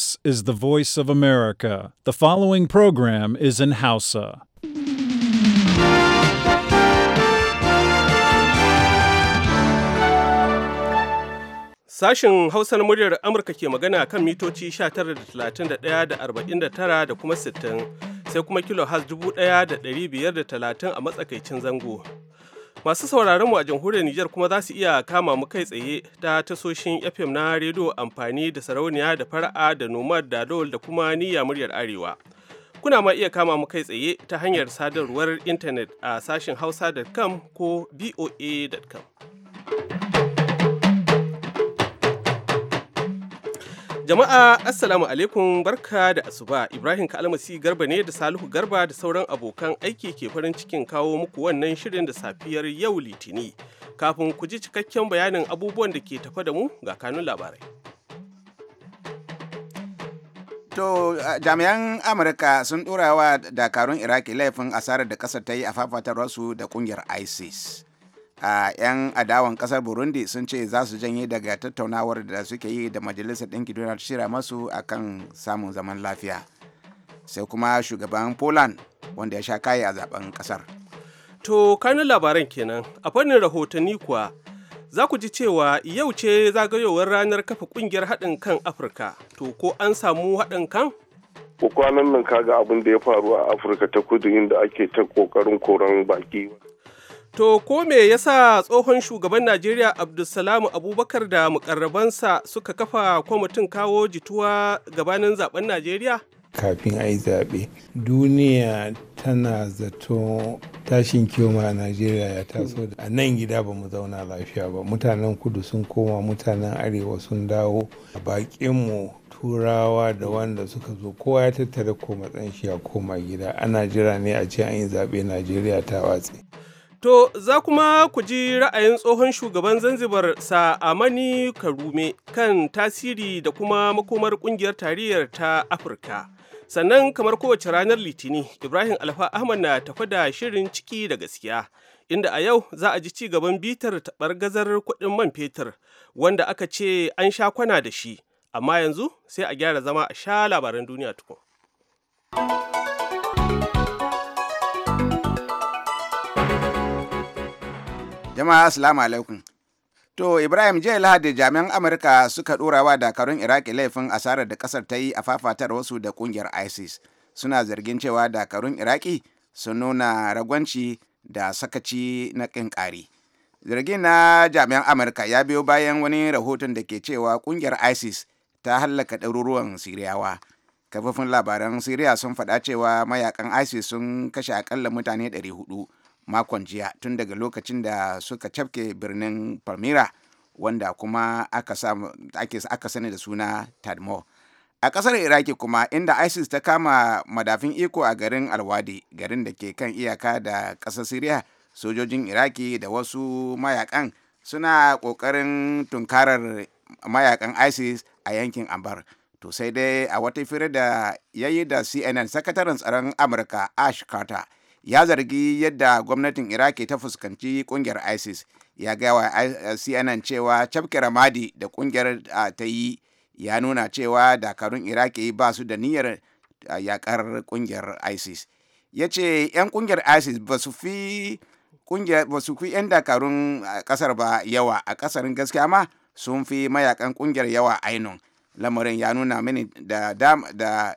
This is the voice of America. The following program is in Hausa. Sashen Hausa na muryar Amurka ke magana kan mitoci 19,31,49 da kuma 60 sai kuma kilo has 1,530 a matsakaicin zango. Masu sauraron mu a jamhuriyar Nijar kuma za su iya kama mu kai tsaye ta tasoshin FM na rediyo amfani da sarauniya da fara'a da nomad da dol da kuma niyya muryar arewa. Kuna ma iya kama mu kai tsaye ta hanyar sadarwar intanet a sashen hausa.com ko boa.com. Jama'a Assalamu alaikum barka da asuba Ibrahim Kalmasi Garba ne da Salihu Garba da sauran abokan aiki ke farin cikin kawo muku wannan shirin da safiyar yau Litini. Kafin ku ji cikakken bayanin abubuwan da ke tafa da mu ga kanun labarai. To jami'an Amurka sun ɗora wa dakarun Iraki laifin asarar da ƙasar ta yi a fafatarwarsu da ƙungiyar ISIS. a 'yan adawan kasar burundi sun ce za su janye daga tattaunawar da suke yi da majalisar ɗinki duniya ta shirya masu kan samun zaman lafiya sai kuma shugaban poland wanda ya sha kayi a zaben kasar to kanin labaran kenan a fannin rahotanni kuwa za ku ji cewa yau ce zagayowar ranar kafa kungiyar haɗin kan afirka to ko an samu haɗin kan kwanan nan kaga abin da ya faru a afirka ta kudu inda ake ta kokarin koran baki To ko me yasa tsohon shugaban Najeriya Abdulsalamu Abubakar da mukarrabansa suka kafa kwamitin kawo jituwa gabanin zaben Najeriya? Kafin a yi zaɓe, duniya tana zato tashin kiyoma a Najeriya ya taso da A nan gida ba mu zauna lafiya ba. Mutanen kudu sun koma, mutanen arewa sun dawo, a mu turawa da wanda suka zo kowa ya tattara ko matsanshi shi ya koma gida. Ana jira ne a ce an yi zaɓe Najeriya ta watse. To, za kuma ku ji ra'ayin tsohon shugaban Zanzibar sa Amani Karume kan tasiri da kuma makomar kungiyar tarayyar ta Afirka. Sannan kamar kowace ranar Litini, Ibrahim Alfa Ahmad na tafa da shirin ciki da gaskiya. Inda a yau za a ji ci gaban bitar taɓar gazar kuɗin man fetur wanda aka ce an sha kwana da shi, amma yanzu sai a gyara zama a sha labaran duniya tukun. Jama'a assalamu alaikum. To Ibrahim jiya Lahadi jami'an Amurka suka ɗorawa dakarun Iraki laifin asarar da ƙasar ta yi a fafatar wasu da ƙungiyar ISIS. Suna zargin cewa dakarun Iraki sun nuna ragwanci da sakaci na ƙinƙari Zargin na jami'an Amurka ya biyo bayan wani rahoton da ke cewa ƙungiyar ISIS ta hallaka ɗaruruwan Siriyawa. Kafofin labaran Siriya sun faɗa cewa mayakan ISIS sun kashe aƙalla mutane 400. makon jiya tun daga lokacin da suka cafke birnin palmira wanda kuma aka, sani da suna tadmo a kasar iraki kuma inda isis ta kama madafin iko a garin alwadi garin da ke kan iyaka da ƙasar siriya sojojin iraki da wasu mayakan suna kokarin tunkarar mayakan isis a yankin ambar to sai dai a wata fira da yayi da cnn sakataren tsaron amurka ash carter ya zargi yadda gwamnatin iraki ta fuskanci kungiyar isis ya gaya wa eh, cnn cewa cafke ramadi da kungiyar ah, ta yi ya nuna cewa dakarun iraki ba su da niyyar ah, yakar kungiyar isis ya ce 'yan kungiyar isis ba su fi yan dakarun kasar ah, ba yawa a kasarin gaskiya ma sun fi mayakan kungiyar yawa ainun lamarin ya nuna mini da, da,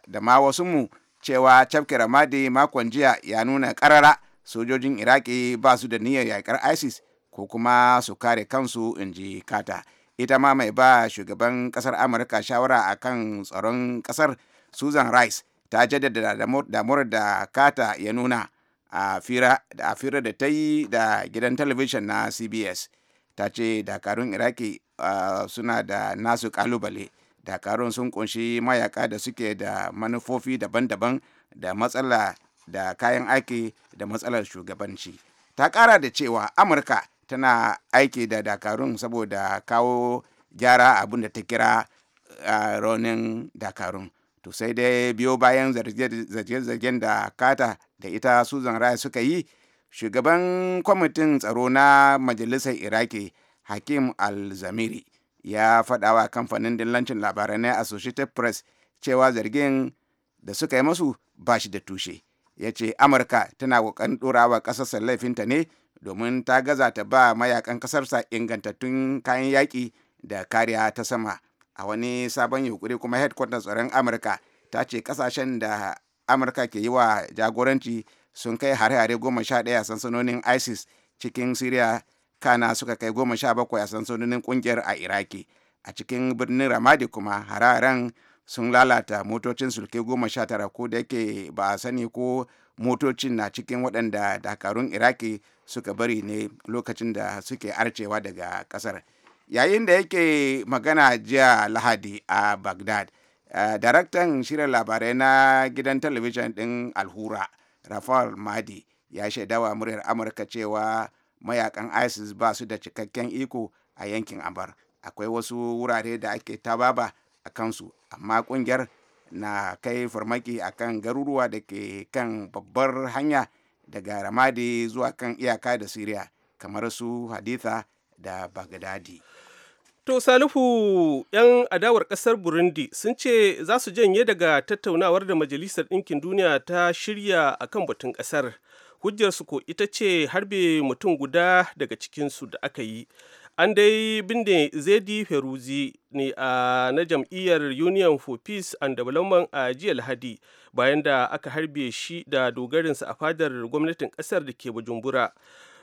da ma wasu mu cewa cafke ramadi makon jiya ya nuna karara sojojin iraki ba su da niyyar yaƙar isis ko kuma su kare kansu in ji kata ita ma mai ba shugaban kasar amurka shawara a kan tsaron kasar susan rice ta jaddada damuwar da kata ya nuna a fira da ta yi da gidan talabijin na cbs ta ce dakarun iraki ah, suna da nasu kalubale dakarun sun kunshi mayaka da suke da manufofi daban-daban da matsala da kayan aiki da matsalar shugabanci ta kara da cewa amurka tana aiki da dakarun saboda kawo gyara abin da ta kira raunin dakarun to sai dai biyo bayan zarge-zargen da kata da ita susan suka yi shugaban kwamitin tsaro na majalisar iraki hakim al-zamiri ya faɗawa kamfanin dillancin labarai na associated press cewa zargin da suka yi masu ba shi da tushe ya ce amurka tana ƙoƙarin ɗorawa ƙasarsa laifinta ne domin ta gaza ta ba mayakan ƙasarsa ingantattun kayan yaƙi da kariya ta sama a wani sabon yunkuri kuma headquarters tsaron amurka ta ce ƙasashen da amurka ke yi wa jagoranci sun kai hare-hare goma sha ɗaya sansanonin isis cikin syria kana suka kai goma sha bakwai a sansanonin kungiyar a iraki a cikin birnin ramadi kuma hararen sun lalata motocin sulke goma sha tara ko da yake ba a sani ko motocin na cikin waɗanda dakarun iraki suka bari ne lokacin da suke arcewa daga ƙasar yayin da yake magana jiya lahadi a bagdad uh, eh, daraktan shirin labarai na gidan talabijin ɗin alhura rafael madi ya shaidawa muryar amurka cewa mayakan isis ba su da cikakken iko a yankin abar akwai wasu wurare da ake tababa a kansu amma kungiyar na kai farmaki a kan garuruwa da ke kan babbar hanya daga ramadi zuwa kan iyaka da siriya kamar su haditha da bagdadi To Salihu, 'yan adawar ƙasar Burundi sun ce za su janye daga tattaunawar da Majalisar Ɗinkin Duniya ta shirya a kan batun ƙasar. hujjarsu ko ita ce harbe mutum guda daga cikinsu da aka yi an dai binne zedi feruzi ne a na jam'iyyar union for peace and development a jiya lahadi bayan da aka harbe shi da dogarinsa a fadar gwamnatin kasar da ke bujumbura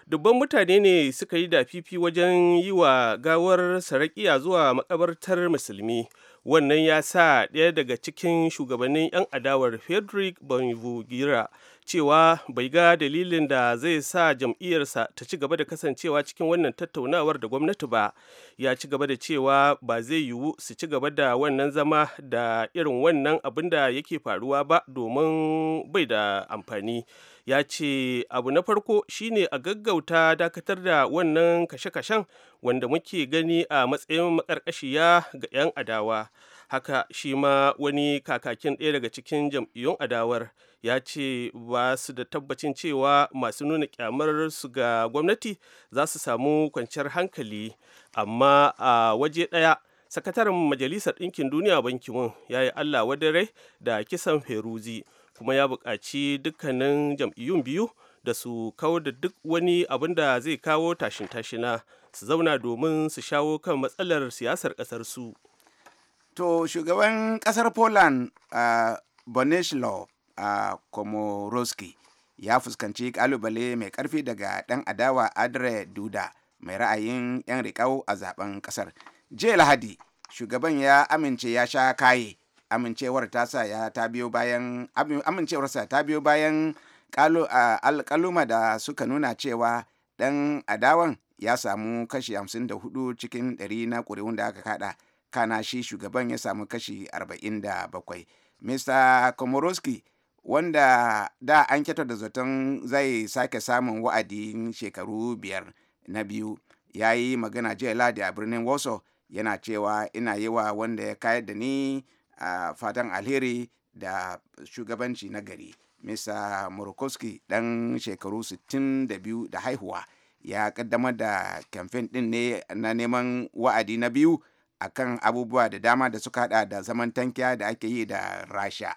dubban mutane ne suka yi da fifi wajen yi wa gawar sarakiya zuwa makabartar musulmi wannan ya sa ɗaya daga cikin shugabannin 'yan adawar frederick bonvugira cewa bai ga dalilin da zai sa jam'iyyarsa ta ci gaba da kasancewa cikin wannan tattaunawar da gwamnati ba ya ci gaba da cewa ba zai yiwu su ci gaba da wannan zama da irin wannan abin da yake faruwa ba domin bai da amfani ya ce abu na farko shine a gaggauta dakatar da wannan kashe-kashen wanda muke gani a matsayin makarkashiya ga 'yan adawa haka shi ma wani kakakin ɗaya daga cikin jam'iyyun adawar ya ce ba su da tabbacin cewa masu nuna kyamar su ga gwamnati za su samu kwanciyar hankali amma a waje ɗaya sakataren majalisar ɗinkin duniya bankin ya yi allah wadare da kisan feruzi kuma ya buƙaci dukkanin jam'iyyun biyu da su kawar da duk wani abin da zai kawo tashin tashina su zauna domin su shawo kan matsalar siyasar ƙasar su to shugaban ƙasar poland a uh, a komoroski ya fuskanci kalubale mai karfi daga dan adawa adre duda mai ra'ayin 'yan rikau a zaben kasar jiya lahadi shugaban ya amince ya sha kaye amincewar tasa ya ta biyo bayan amincewarsa ta biyo bayan alkaluma da suka nuna cewa dan adawan ya samu kashi 54 cikin 100 na ƙuri'un da aka kada kana shi shugaban ya samu kashi 47 mr komoroski wanda da an kyata da zaton zai sake samun wa'adin shekaru biyar na biyu ya yi magana jiya ladi a birnin waso yana cewa ina yi wa wanda ya kayar da ni a fatan alheri da shugabanci na gari mr murkowski dan shekaru 62 da haihuwa ya kaddamar da kamfen din ne na neman wa'adi na biyu akan abubuwa da dama da suka hada da zaman tankiya da ake yi da rasha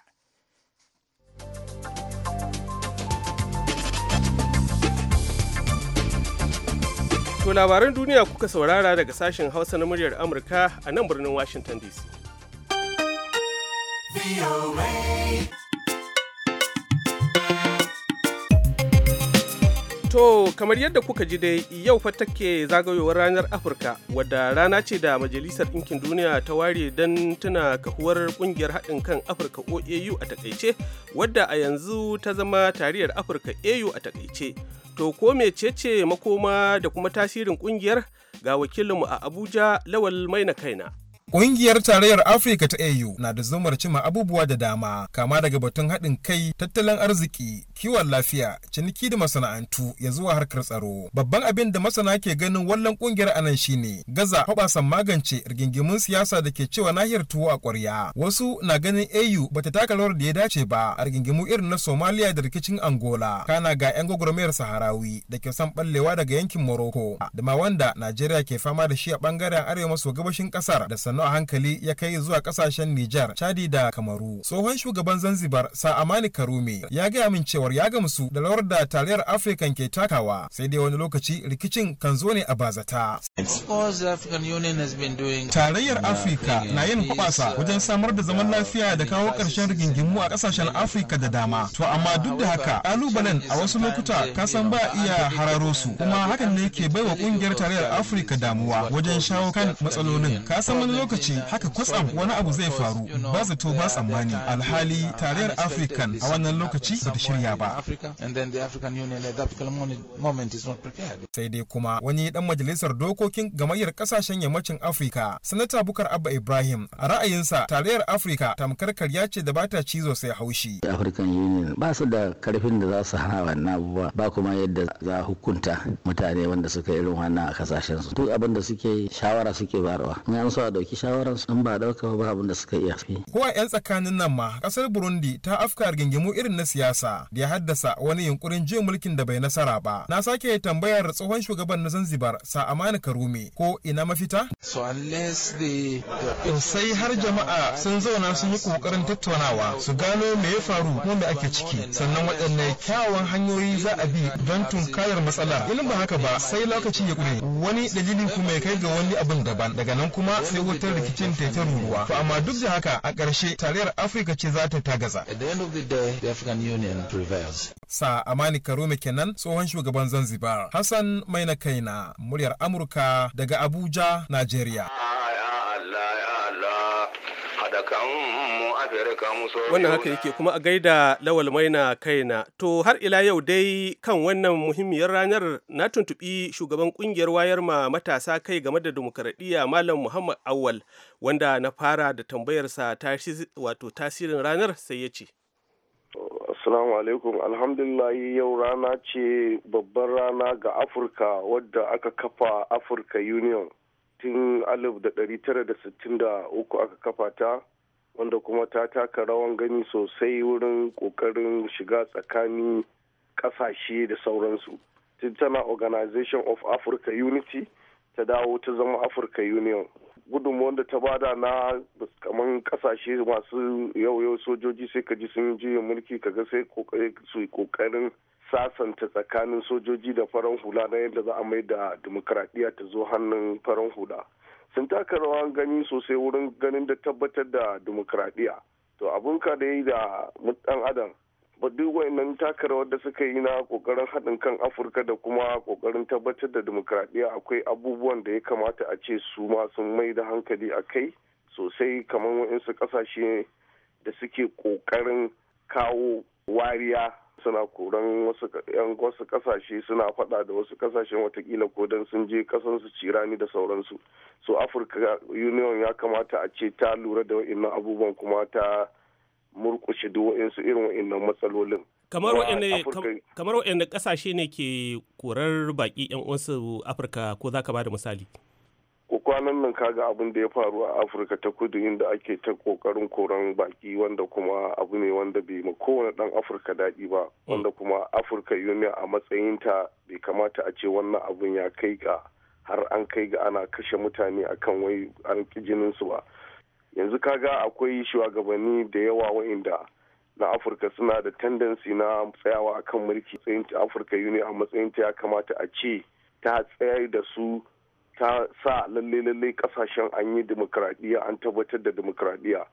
To labaran duniya kuka saurara daga sashen Hausa na muryar Amurka a nan birnin Washington DC. To, kamar yadda kuka ji dai yau fa take zagayowar ranar Afirka wadda rana ce da Majalisar Ɗinkin Duniya ta ware don tuna kahuwar ƙungiyar haɗin kan Afirka OAU a takaice wadda a yanzu ta zama tariyar Afirka AU a takaice. To, ko mecece makoma da kuma tasirin ƙungiyar ga wakilinmu a Abuja Lawal Maina Kaina. Ƙungiyar Tarayyar Afirka ta AU na da zumar cima abubuwa da dama, kama daga batun haɗin kai, tattalin arziki, kiwon lafiya, ciniki da masana'antu ya zuwa harkar tsaro. Babban abin da masana ke ganin wallon ƙungiyar anan shi ne. gaza hoɓasan magance rigingimun siyasa da ke cewa nahiyar tuwo a ƙwarya. Wasu na ganin AU bata taka rawar da ya dace ba a rigingimu irin na Somalia da rikicin Angola. Kana ga 'yan gwagwarmayar Saharawi da ke son ɓallewa daga yankin Morocco, da ma wanda Najeriya ke fama da shi a ɓangaren arewa maso gabashin ƙasar da sannu a hankali ya kai zuwa kasashen Nijar, Chadi da Kamaru. Tsohon shugaban Zanzibar Sa Amani Karume ya gaya min cewar ya gamsu da lawar da taliyar Afirka ke takawa sai dai wani lokaci rikicin kan zo ne a bazata. Tarayyar Afirka na yin kwasa wajen samar da zaman lafiya da kawo ƙarshen rigingimu a ƙasashen Afirka da dama. To amma duk da haka ƙalubalen a wasu lokuta kasan ba iya hararo su kuma hakan ne ke baiwa ƙungiyar tarayyar Afirka damuwa wajen shawo kan matsalolin. Kasan wani lokaci lokaci haka kwatsam wani abu zai faru ba zato ba tsammani alhali tarayyar African a wannan lokaci ba ta shirya ba. Sai dai kuma wani dan majalisar dokokin gamayyar kasashen yammacin Afirka, Sanata Bukar Abba Ibrahim, a ra'ayinsa tarayyar Afirka tamkar karya ce da bata cizo sai haushi. African Union ba su da karfin da za su hana wannan abubuwa ba kuma yadda za hukunta mutane wanda suka irin wannan a kasashen su. Duk abin da suke shawara suke barwa. Ni an so a dauki ɗauki shawarar su ba ɗauka ba abin da suka iya fi. Ko a 'yan tsakanin nan ma kasar Burundi ta afka rigingimu irin na siyasa da ya haddasa wani yunkurin juya mulkin da bai nasara ba. Na sake tambayar tsohon shugaban na Zanzibar Sa Amani Karume ko ina mafita? So unless the sai har jama'a sun zauna sun yi kokarin tattaunawa su gano me ya faru kuma me ake ciki sannan waɗanne kyawawan hanyoyi za a bi don tunkarar matsala. Ilin ba haka ba sai lokaci ya ƙure wani dalilin kuma ya kai ga wani abin daban daga nan kuma sai wata wutar rikicin taitar ruwa. To amma duk da haka a ƙarshe tarayyar Afirka ce za ta tagaza. At the end of Union Sa Amani Karume kenan tsohon shugaban Zanzibar. Hassan Maina Kaina, muryar Amurka daga Abuja, Najeriya. Allah, Allah, Wannan haka yake kuma a gaida lawal maina kaina. To har ila yau dai kan wannan muhimmiyar ranar na tuntubi shugaban kungiyar wayar ma matasa kai game da demokaradiyya Malam Muhammad awwal wanda na fara da tambayarsa wato tasirin ranar sai ya ce. Assalamu alaikum alhamdulillah yau rana ce babbar rana ga Afirka wadda aka kafa Afirka Union tun 1963 aka kafa ta. wanda kuma ta taka rawan gani sosai wurin kokarin shiga tsakanin kasashe da sauransu tana organization of africa unity ta dawo ta zama africa union gudunmuwan da ta bada na kamar kasashe masu yau-yau sojoji sai ka ji sun juya mulki kaga sai su kokarin sasanta tsakanin sojoji da farar hula na yadda za a mai da demokradiyya ta zo hannun farar hula sun taka rawan gani sosai wurin ganin da tabbatar da demokradiyya to abun ka da yi da dan adam ba duk wayannan taka rawar da suka yi na kokarin haɗin kan afirka da kuma kokarin tabbatar da demokradiyya akwai abubuwan da ya kamata a ce su ma sun mai da hankali a kai sosai kamar wayansu ƙasashe da suke kokarin kawo wariya suna koran wasu yan wasu kasashe suna faɗa da wasu kasashen watakila ko dan sun je kasansu cirani da sauransu so afirka union ya kamata a ce ta lura da wa'annan abubuwan kuma ta murkushe duk wa'insu irin wa'annan matsalolin kamar wa'anne kasashe ne ke korar baƙi 'yan uwansu afirka ko za ka ba da misali ko kwanan nan kaga abin da ya faru a afirka ta kudu inda ake ta kokarin koran baki wanda kuma abu ne wanda bai ma kowane dan afirka daɗi ba wanda kuma afirka union a matsayinta bai kamata a ce wannan abun ya kai ga har an kai ga ana kashe mutane akan wai an ki jininsu ba yanzu kaga akwai shugabanni da yawa wa'inda na afirka suna da tendency na tsayawa akan mulki tsayin afirka union a matsayin ya kamata a ce ta tsayar da su ta sa lalle lalle kasashen an yi demokradiyya an tabbatar da demokradiyya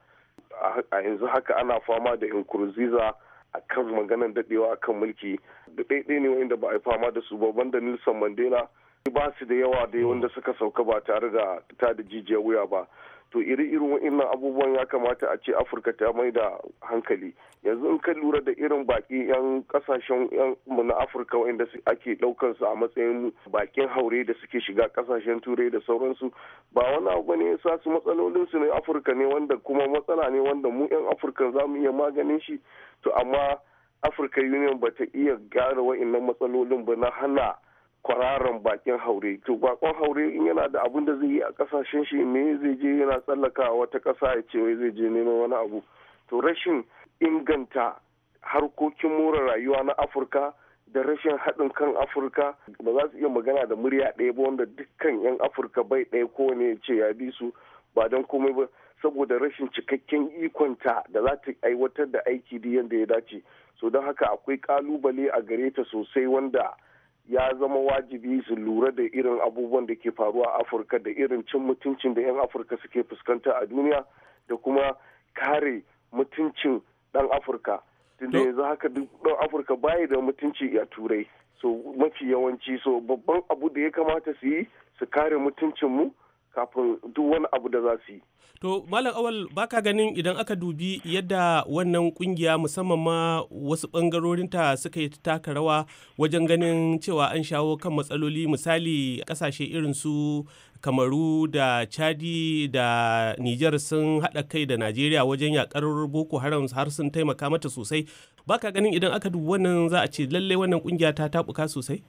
a yanzu haka ana fama da inkurziza a kan maganan dadewa a kan mulki da ɗaiɗe ne wanda ba a yi fama da su babban da nilson Mandela ba su da yawa da hmm. wanda suka sauka ba tare da ta da jijiyar wuya ba to iri irin wa'inan abubuwan ya kamata a ce afirka ta mai da hankali yanzu in ka lura da irin baki yan kasashen mu na afirka wa'anda ake daukan su a matsayin bakin haure da suke shiga kasashen turai da sauransu ba wani abu ne sa su matsalolin su ne afirka ne wanda kuma matsala ne wanda mu yan afirka za mu iya maganin shi to amma afirka union ba ta iya gyara wa'inan matsalolin ba na hana kwararan bakin haure to bakon haure in yana da abun da zai yi a kasashen shi me zai je yana tsallaka wata kasa ya ce wai zai je neman wani abu to rashin inganta harkokin more rayuwa na afirka da rashin haɗin kan afirka ba za su iya magana da murya ɗaya ba wanda dukkan 'yan afirka bai ɗaya kowane ya ce ya bi su ba don komai ba saboda rashin cikakken ikonta da za ta aiwatar da aiki da yadda ya dace so don haka akwai kalubale a gare ta sosai wanda ya zama wajibi su lura da irin abubuwan da ke faruwa a afirka da irin cin mutuncin da 'yan afirka suke fuskanta a duniya da kuma kare mutuncin dan afirka tunda yanzu haka duk dan afirka baya da mutunci a turai so mafi yawanci so babban abu da ya kamata su yi su kare mutuncinmu kafin duk wani abu da za su yi. To Malam Awal baka ganin idan aka dubi yadda wannan kungiya musamman ma wasu ɓangarorinta suka yi taka rawa wajen ganin cewa an shawo kan matsaloli misali kasashe irin su Kamaru da Chadi da Nijar sun haɗa kai da Najeriya wajen yakar Boko Haram har sun taimaka mata sosai. Baka ganin idan aka dubi wannan za a ce lallai wannan kungiya ta tabuka sosai?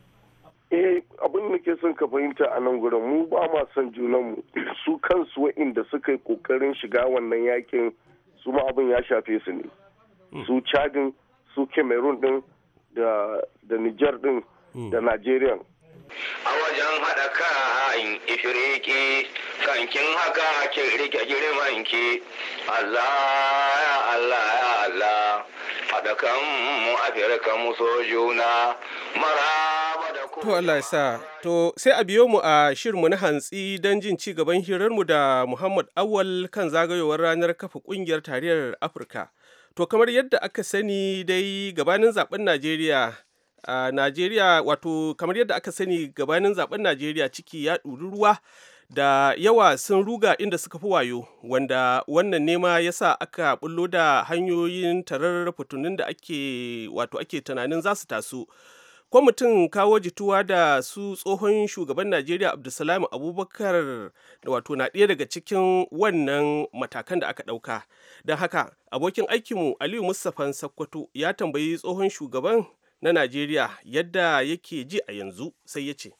eh abin da ke son ka fahimta a nan gurin mu ba ma son junanmu su kansu wa'inda suka yi kokarin shiga wannan yakin su ma abin ya shafe su ne hmm. su chadin su cameroon din da niger din hmm. da nigerian a wajen haɗa kan ifiriki kankin haka ke rike girman ki allah ya allah ya allah haɗa kan mu afirka mu so juna mara To Allah sa. To sai a biyo mu a shirin mu na hantsi don jin ci gaban hirar mu da Muhammad Awal kan zagayowar ranar kafa ƙungiyar tariyar Afirka. To kamar yadda aka sani dai gabanin zaben Najeriya Najeriya wato kamar yadda aka sani gabanin zaben Najeriya ciki ya ɗuri ruwa da yawa sun ruga inda suka fi wayo wanda wannan nema ya sa aka bullo da hanyoyin tarar fitunin da ake wato ake tunanin za su taso. mutum kawo jituwa da su tsohon shugaban najeriya abdulsalam abubakar da wato na ɗaya daga cikin wannan matakan da aka ɗauka don haka abokin aikinmu aliyu mustapha sakkwato ya tambayi tsohon shugaban na najeriya yadda yake ji a yanzu sai ya ce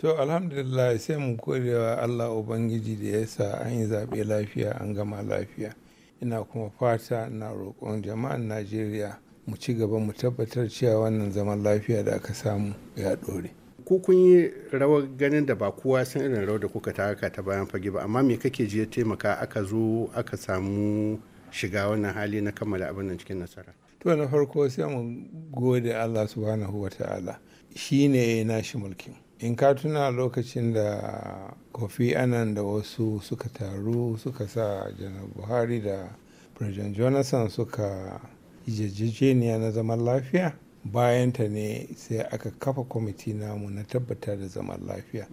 to alhamdulillah sai mu korewa allah ubangiji da ya sa an yi zaɓe lafiya an gama lafiya ina kuma fata na roƙon jama'an najeriya mu ci gaba mu tabbatar cewa wannan zaman lafiya da aka samu ya ɗore. ko kun yi rawar ganin da ba kowa san irin rawar da kuka taka ta bayan fage ba amma me kake ji taimaka aka zo aka samu shiga wannan hali na kammala abin nan cikin nasara to na farko sai mu gode Allah subhanahu wataala shine nashi mulkin in ka tuna lokacin da kofi anan da wasu suka taru suka sa janar buhari da president jonathan suka yarjejeniya na zaman lafiya bayanta ne sai aka kafa kwamiti namu na tabbata da zaman lafiya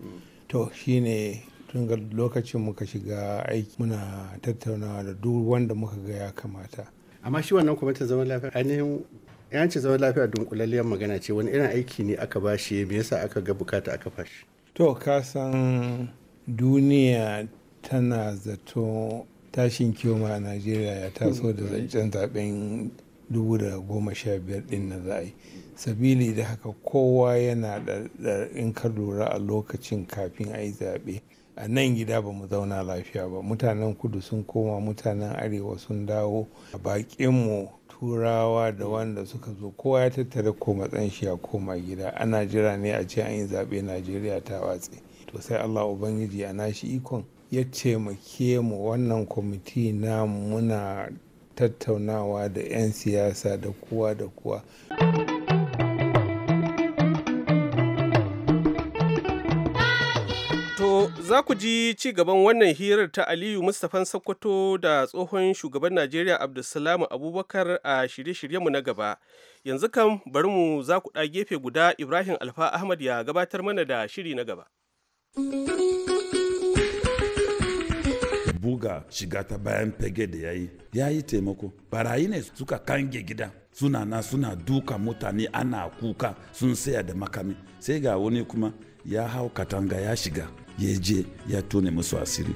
to shine tun ga lokacin muka shiga aiki muna tattaunawa da duk wanda muka ga ya kamata amma shi wannan kwamitin zaman lafiya ainihin yanci zaman lafiya dunkulalliyar magana ce wani irin aiki ne aka ba shi me yasa aka ga bukata aka fashi to ka san duniya tana zato tashin kiyoma a najeriya ya taso da zancen zaben 2015 ɗin na za yi sabili da haka kowa yana da in ka lura a lokacin kafin a yi zaɓe a nan gida ba mu zauna lafiya ba mutanen kudu sun koma mutanen arewa sun dawo a mu turawa da wanda suka zo kowa ya tattara ko matsan shi ya koma gida ana jira ne a ce an yi zaɓe najeriya ta watse to sai allah ubangiji a nashi ikon ya taimake mu wannan kwamiti na muna tattaunawa da 'yan siyasa da kowa da kuwa. za ku ji ci gaban wannan hirar ta Aliyu Mustapha Sokoto da tsohon shugaban Najeriya Abdulsalamu Abubakar a shirye-shiryenmu na gaba. Yanzu kan bari mu za ku ɗa gefe guda Ibrahim Alfa Ahmad ya gabatar mana da shiri na gaba. buga shiga ta bayan fage da ya yi ya yi taimako barayi ne suka kange gida suna na suna duka mutane ana kuka sun saya da makami sai ga wani kuma ya hau katanga ya shiga ya je ya tone musu asiri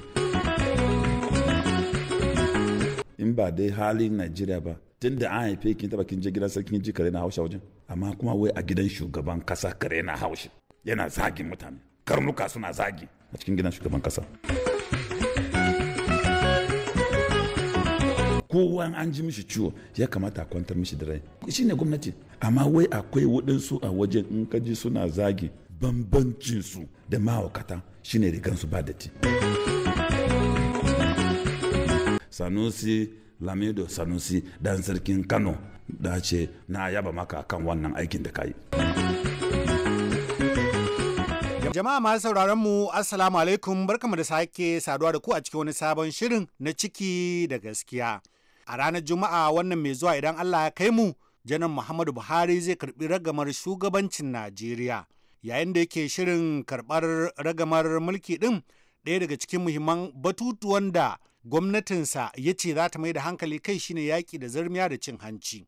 in ba dai halin najeriya ba tun da an haife kin taba kin je gidan kin ji kare na hausa wajen amma kuma wai a gidan shugaban kasa kare na haushi yana zagin mutane karnuka suna zagi a cikin gidan shugaban kasa. kowa an ji mishi ciwo ya kamata a kwantar mishi da rai ne gwamnati amma wai akwai waɗansu a wajen in ka ji suna zagi bambancinsu da mahaukata shine rigansu ba datti sanusi lamido sanusi dan sarkin kano da ce na yaba maka kan wannan aikin da kayi jama'a masu sauraron mu assalamu alaikum barkamu da sake saduwa da ku a cikin wani sabon shirin na ciki da gaskiya a ranar juma'a wannan mai zuwa idan allah ya kai mu janar muhammadu buhari zai karbi ragamar shugabancin najeriya yayin da yake shirin karbar ragamar mulki din ɗaya daga cikin muhimman batutuwan da gwamnatinsa ya ce za ta mai da hankali kai shine yaƙi da zarmiya da cin hanci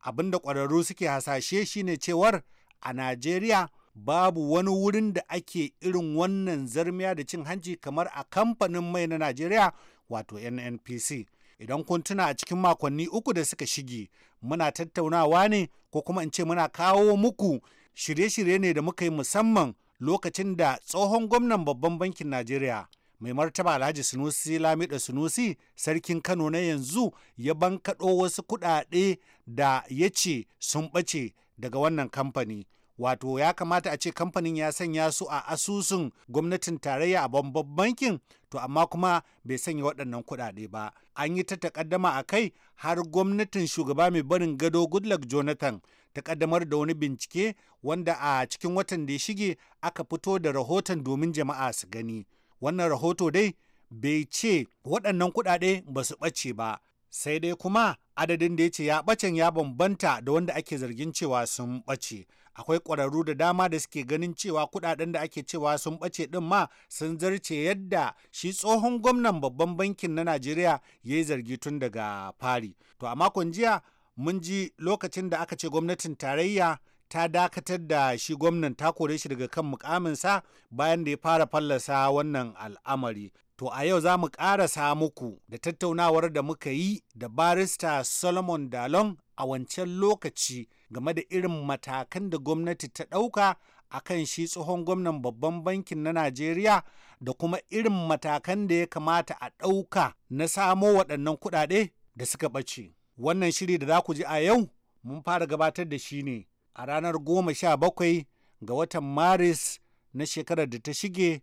abin da ƙwararru suke hasashe shine cewar a najeriya babu wani wurin da ake irin wannan zarmiya da cin hanci kamar a kamfanin mai na najeriya wato nnpc idan kun tuna a cikin makonni uku da suka shige muna tattaunawa ne ko kuma in ce muna kawo muku shirye-shirye ne da muka yi musamman lokacin da tsohon gwamnan babban bankin najeriya mai martaba alhaji sunusi lamida sunusi sarkin kano na yanzu ya bankaɗo wasu kuɗaɗe da ya ce sun ɓace daga wannan kamfani wato ya kamata a ce kamfanin ya sanya su a asusun gwamnatin tarayya a babban bankin to amma kuma bai sanya waɗannan kuɗaɗe ba an yi ta takaddama a kai har gwamnatin shugaba mai barin gado goodluck jonathan takaddamar da wani bincike wanda a cikin watan da ya shige aka fito da rahoton domin jama'a su gani wannan rahoto dai bai ce waɗannan kuɗaɗe ba su ɓace ba sai dai kuma adadin da ya ce ya bacen ya bambanta da wanda ake zargin cewa sun ɓace akwai ƙwararru da dama da suke ganin cewa kuɗaɗen da ake cewa sun ɓace ɗin ma sun zarce yadda shi tsohon gwamnan babban bankin na najeriya ya yi zargi tun daga fari to a makon jiya mun ji lokacin da aka ce gwamnatin tarayya ta dakatar da shi gwamnan ta kore shi daga kan mukaminsa bayan da ya fara fallasa wannan al'amari. To a yau za mu ƙarasa muku da tattaunawar da muka yi da barista Solomon Dalon a wancan lokaci game da irin matakan da gwamnati ta ɗauka a kan shi tsohon gwamnan babban bankin na Najeriya da kuma irin matakan da ya kamata a ɗauka na samo waɗannan kuɗaɗe da suka ɓace. Wannan shiri da za ku ji a yau mun fara gabatar da shi ne a ranar goma sha bakwai ga watan maris na shekarar da ta shige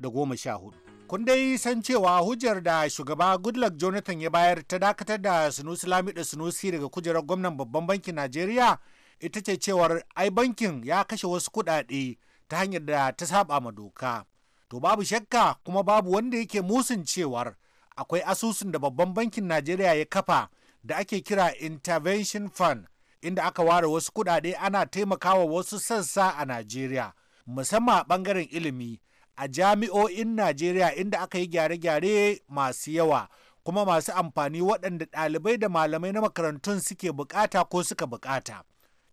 da goma sha 2014. Kun dai san cewa hujjar da shugaba Goodluck Jonathan ya bayar ta dakatar da Sunusi da Sunusi daga kujerar gwamnan babban bankin Najeriya ita ce cewar ai bankin ya kashe wasu kudade ta hanyar da ta saba ma doka. To babu shakka kuma babu wanda yake musun cewar akwai asusun da babban bankin Najeriya ya kafa da ake kira Intervention Fund inda aka ware wasu kuɗaɗe ana taimakawa wasu sassa a Najeriya, musamman a ɓangaren ilimi, a jami'o'in Najeriya inda aka yi gyare-gyare masu yawa, kuma masu amfani waɗanda ɗalibai da malamai na makarantun suke bukata ko suka bukata.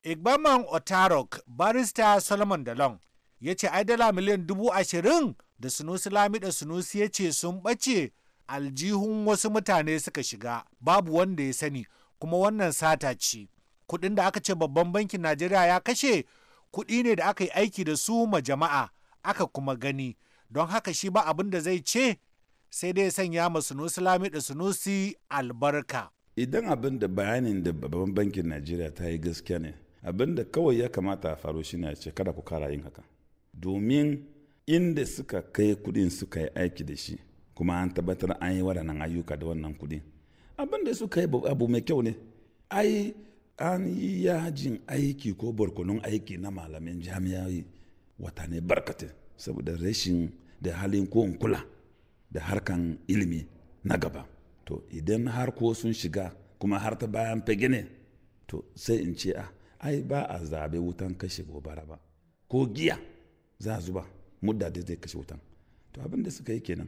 Igbaman Otarok, barista Solomon Dalon, ya ce ai dala miliyan dubu ashirin da Sunusi Lami da Sunusi ya ce sun ɓace aljihun wasu mutane suka shiga, babu wanda ya sani, kuma wannan sata ce. kuɗin da aka ce babban bankin najeriya ya kashe kuɗi ne da aka yi aiki da su ma jama'a aka kuma gani don haka shi ba abin da zai ce sai dai sanya ma sunusi lami da sunusi albarka idan abin da bayanin da babban bankin najeriya ta yi gaskiya ne abin da kawai ya kamata a faru shi ne ce kada ku kara yin haka domin inda suka kai kuɗin suka yi aiki da shi kuma an tabbatar an yi waɗannan ayyuka da wannan kuɗi abin da suka yi abu mai kyau ne ai an yi yajin aiki ko barkonon aiki na malamin jami'ai watanni barkatin saboda rashin da halin ko kula da harkan ilimi na gaba to idan har ko sun shiga kuma har ta bayan fage ne to sai in ce a ah, ai ba a zabe wutan kashe gobara ba ko giya za a zuba mudda da zai kashe wutan to abin da suka yi kenan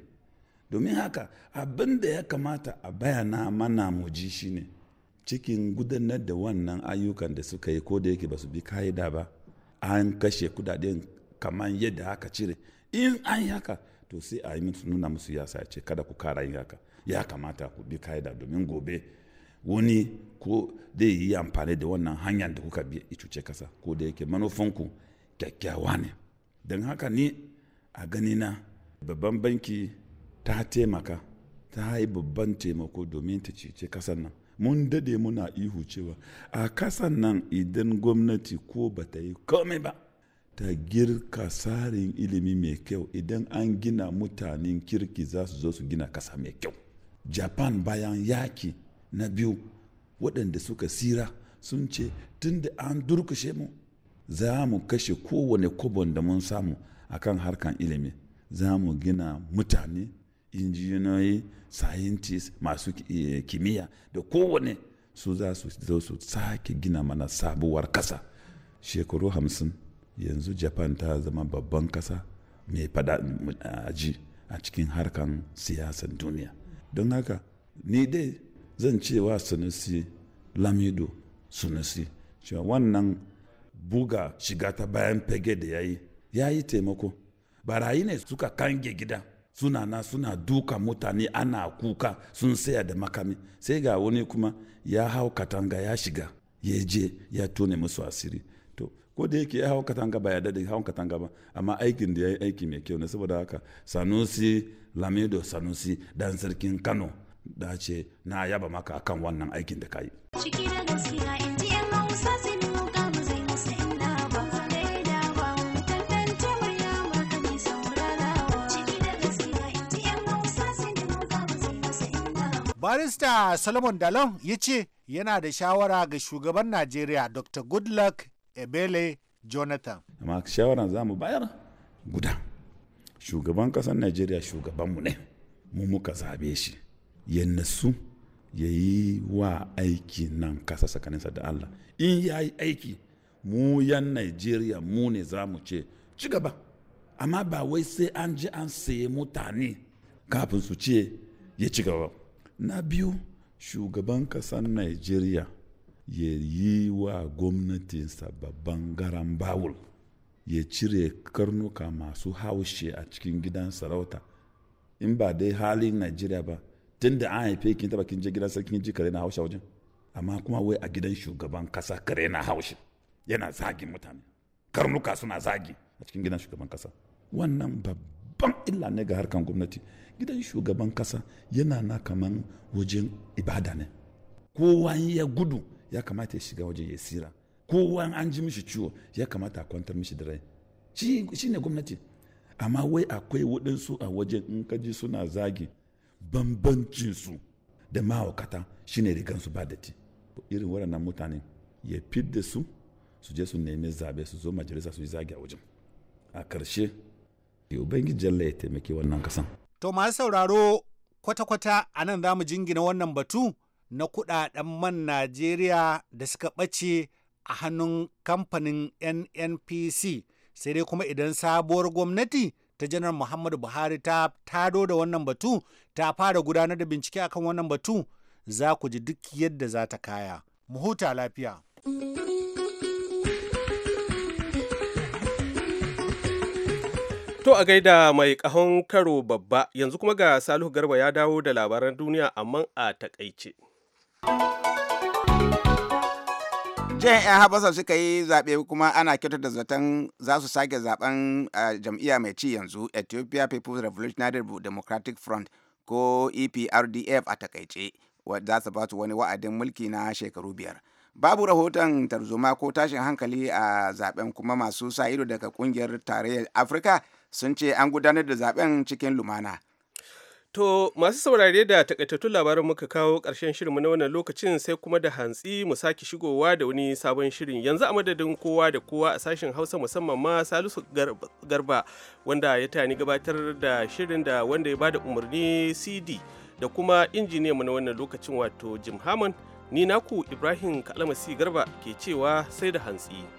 domin haka abin da ya kamata a bayana mana muji shine cikin gudanar da wannan ayyukan da suka yi ko da yake ba su bi ka'ida ba an kashe kudaden kamar yadda haka cire in an yi haka to sai a yi nuna musu ya ce kada ku kara yin haka ya kamata ku bi ka'ida domin gobe wani ko zai yi amfani da wannan hanyar da kuka bi icuce kasa ko da yake manufanku kyakkyawa ne don haka ni a gani na babban banki ta taimaka ta yi babban taimako domin ta cece kasar nan mun dade muna ihu cewa a kasan nan idan gwamnati ko ba ta yi komai ba ta girka tsarin ilimi mai kyau idan an gina mutanen kirki za su zo su gina kasa mai kyau japan bayan yaki na biyu waɗanda suka sira sun ce tun da an durkushe mu za mu kashe kowane kobon da mun samu akan harkan ilimi za mu gina mutane injiniyoyi scientists masu eh, kimiyya da kowane su za su zo su sake gina mana sabuwar kasa shekaru hamsin yanzu japan ta zama babban kasa mai fada mm, aji a cikin harkan siyasan duniya don haka ni dai zan cewa sunusi lamido sunusi cewa wannan buga shiga ta bayan fage da ya yi ya yi taimako barayi ne suka kange gida suna na suna duka mutane ana kuka sun saya da makami sai ga wani kuma ya hau katanga ya shiga ya je ya tone musu asiri to ko da yake ya hau katanga ba ya dade hau katanga ba amma aikin da ya yi aiki mai kyau ne saboda haka sanusi lamido sanusi dan sarkin kano da ce na yaba maka akan wannan aikin da ka yi. barista solomon dalon ya ce yana da shawara ga shugaban najeriya dr goodluck ebele jonathan amma shawara za mu bayar guda shugaban kasar najeriya shugabanmu ne mu muka zabe shi ya nasu ya yi wa aiki nan kasa tsakaninsa da allah in ya yi aiki mu yan najeriya mu ne za mu ce ci gaba amma ba wai sai an ji an saye mutane kafin su ce ya ci gaba na biyu shugaban kasar nigeria ya yi wa gwamnatinsa babban garan bawul ya cire karnuka masu haushe a cikin gidan sarauta in ba dai halin nigeria ba tun da an haife kin taba kin je gidan sarki ji kare na haushe wajen amma kuma wai a gidan shugaban kasa kare na haushe yana zagin mutane karnuka suna zagi a cikin gidan shugaban kasa wannan babban babban illa ne ga harkan gwamnati gidan shugaban kasa yana na kaman wajen ibada ne kowa ya gudu ya kamata ya shiga wajen ya sira kowa an ji mishi ciwo ya kamata a kwantar mishi da rai shi ne gwamnati amma wai akwai waɗansu a wajen in kaji suna zagi bambancinsu da ma'aikata shine rigansu ba datti irin waɗannan mutane ya fidda su su je su nemi zaɓe, su zo majalisa su yi zagi a wajen a ƙarshe ubangiji Allah ya taimaki wannan kasan to masu sauraro kwata-kwata a nan za mu jingina wannan batu na kudaden man Najeriya da suka ɓace a hannun kamfanin NNPC sai dai kuma idan sabuwar gwamnati ta janar Muhammadu Buhari ta tado da wannan batu ta fara gudanar da bincike akan wannan batu za ku ji duk yadda za ta kaya. Mu huta lafiya. Mm -hmm. To a gaida mai kahon karo babba yanzu kuma ga Salihu Garba ya dawo da labaran duniya amma a takaice. Jiyan 'yan habasa suka yi zaɓe kuma ana kyautar da zaton za su sake zaɓen jam'iyya mai ci yanzu Ethiopia People's Revolutionary Democratic Front ko EPRDF a takaice za su ba su wani wa'adin mulki na shekaru biyar. babu rahoton tarzoma ko tashin hankali a zaɓen kuma masu sa ido daga ƙungiyar tarayyar afirka sun ce an gudanar da zaben cikin lumana To masu saurare da takaitattun labarin muka kawo ƙarshen shirinmu na wannan lokacin sai kuma da hantsi mu sake shigowa da wani sabon shirin yanzu a madadin kowa da kowa a sashen Hausa musamman ma Salisu Garba wanda ya tani gabatar da shirin da wanda ya bada umarni CD da kuma injiniya mu na wannan lokacin wato Jim Hammond ni naku Ibrahim Kalamasi Garba ke cewa sai da hantsi.